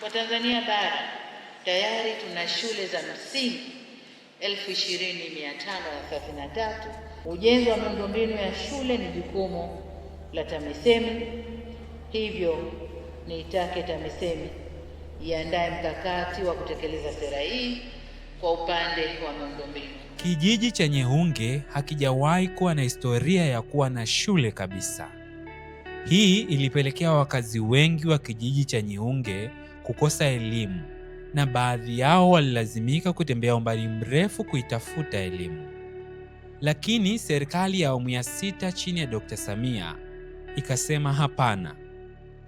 Kwa Tanzania bara tayari tuna shule za msingi 20,533. Ujenzi wa miundombinu ya shule ni jukumu la TAMISEMI, hivyo niitake TAMISEMI iandaye mkakati wa kutekeleza sera hii kwa upande wa miundombinu. Kijiji cha Nyehunge hakijawahi kuwa na historia ya kuwa na shule kabisa. Hii ilipelekea wakazi wengi wa kijiji cha Nyehunge kukosa elimu na baadhi yao walilazimika kutembea umbali mrefu kuitafuta elimu. Lakini serikali ya awamu ya sita chini ya Dkt. Samia ikasema hapana,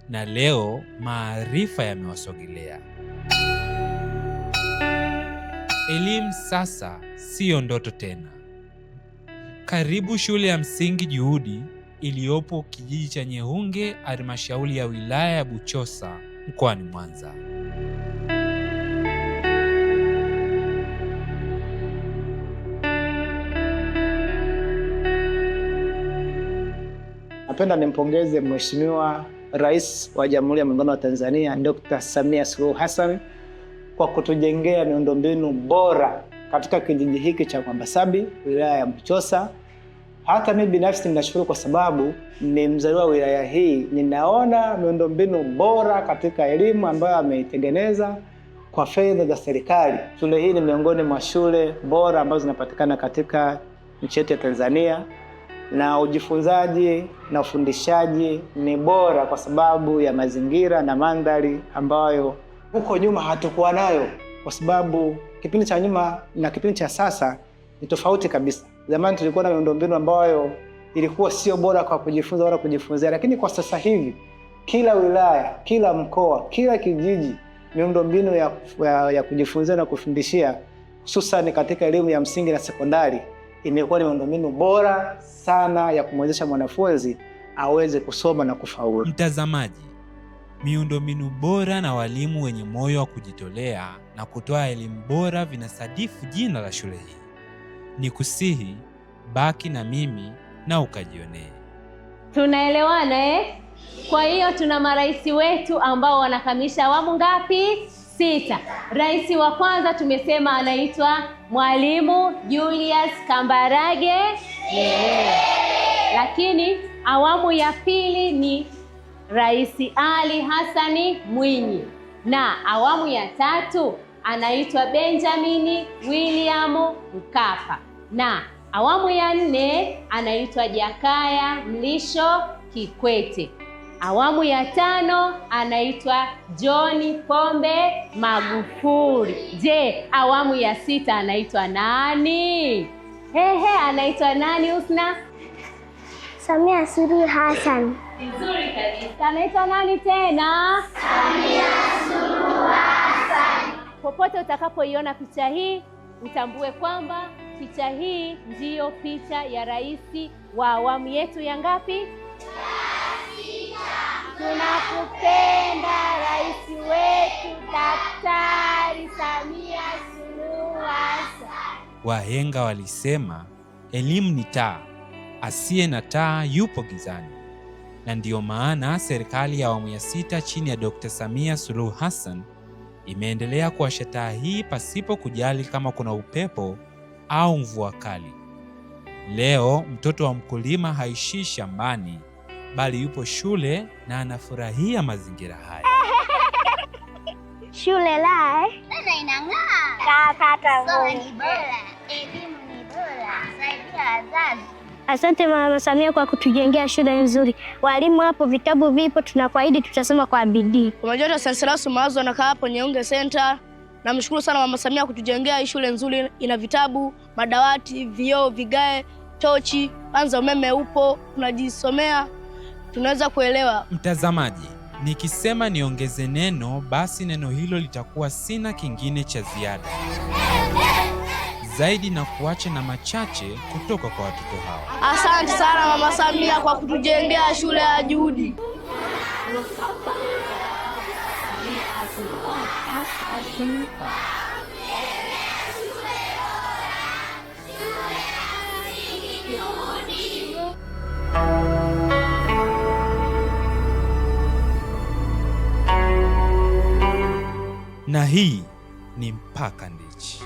na leo maarifa yamewasogelea. Elimu sasa siyo ndoto tena. Karibu shule ya msingi Juhudi iliyopo kijiji cha Nyehunge, halmashauri ya wilaya ya Buchosa mkoani Mwanza. Napenda nimpongeze Mheshimiwa Rais wa Jamhuri ya Muungano wa Tanzania Dr. Samia Suluhu Hassan kwa kutujengea miundombinu bora katika kijiji hiki cha Kwambasabi wilaya ya Mchosa hata mimi binafsi ninashukuru kwa sababu ni mzaliwa wa wilaya hii, ninaona miundombinu bora katika elimu ambayo ameitengeneza kwa fedha za serikali. Shule hii ni miongoni mwa shule bora ambazo zinapatikana katika nchi yetu ya Tanzania, na ujifunzaji na ufundishaji ni bora kwa sababu ya mazingira na mandhari ambayo huko nyuma hatukuwa nayo, kwa sababu kipindi cha nyuma na kipindi cha sasa ni tofauti kabisa. Zamani tulikuwa na miundombinu ambayo ilikuwa sio bora kwa kujifunza wala kujifunzia, lakini kwa sasa hivi kila wilaya, kila mkoa, kila kijiji miundombinu ya, ya, ya kujifunzia na kufundishia hususan katika elimu ya msingi na sekondari imekuwa ni miundombinu bora sana ya kumwezesha mwanafunzi aweze kusoma na kufaulu. Mtazamaji, miundombinu bora na walimu wenye moyo wa kujitolea na kutoa elimu bora vinasadifu jina la shule hii ni kusihi baki na mimi na ukajionee. Tunaelewana eh? Kwa hiyo tuna marais wetu ambao wanakamilisha awamu ngapi? Sita. Rais wa kwanza tumesema anaitwa Mwalimu Julius Kambarage yeah. Lakini awamu ya pili ni Rais Ali Hassani Mwinyi na awamu ya tatu anaitwa Benjamin William Mkapa na awamu ya nne anaitwa Jakaya Mlisho Kikwete. Awamu ya tano anaitwa John Pombe Magufuli. Je, awamu ya sita anaitwa nani? Ehe, anaitwa nani Husna? Samia Suluhu Hassan. Nzuri kabisa. Anaitwa nani tena? Samia Popote utakapoiona picha hii, utambue kwamba picha hii ndiyo picha ya rais wa awamu yetu ya ngapi? Tunakupenda rais wetu Daktari Samia Suluhu Hassan. Wahenga walisema elimu ni taa, asiye na taa yupo gizani, na ndiyo maana serikali ya awamu ya sita chini ya Dr. Samia Suluhu Hassan imeendelea kuwasha taa hii pasipo kujali kama kuna upepo au mvua kali. Leo mtoto wa mkulima haishii shambani, bali yupo shule na anafurahia mazingira haya. Shule la eh? Sasa inang'aa. Kapata. elimu ni bora, saidia wazazi Asante Mama Samia kwa kutujengea shule nzuri. Walimu hapo, vitabu vipo, tunakuahidi tutasoma kwa bidii. Kwa majina Salsilasu Mawazo, anakaa hapo Nyeunge Center. Namshukuru sana Mama Samia kutujengea shule nzuri, ina vitabu, madawati, vioo, vigae, tochi, kwanza umeme upo, tunajisomea, tunaweza kuelewa. Mtazamaji, nikisema niongeze neno, basi neno hilo litakuwa sina kingine cha ziada zaidi na kuacha na machache kutoka kwa watoto hawa. Asante sana Mama Samia kwa kutujengea shule ya juhudi. Na hii ni Mpaka Ndichi.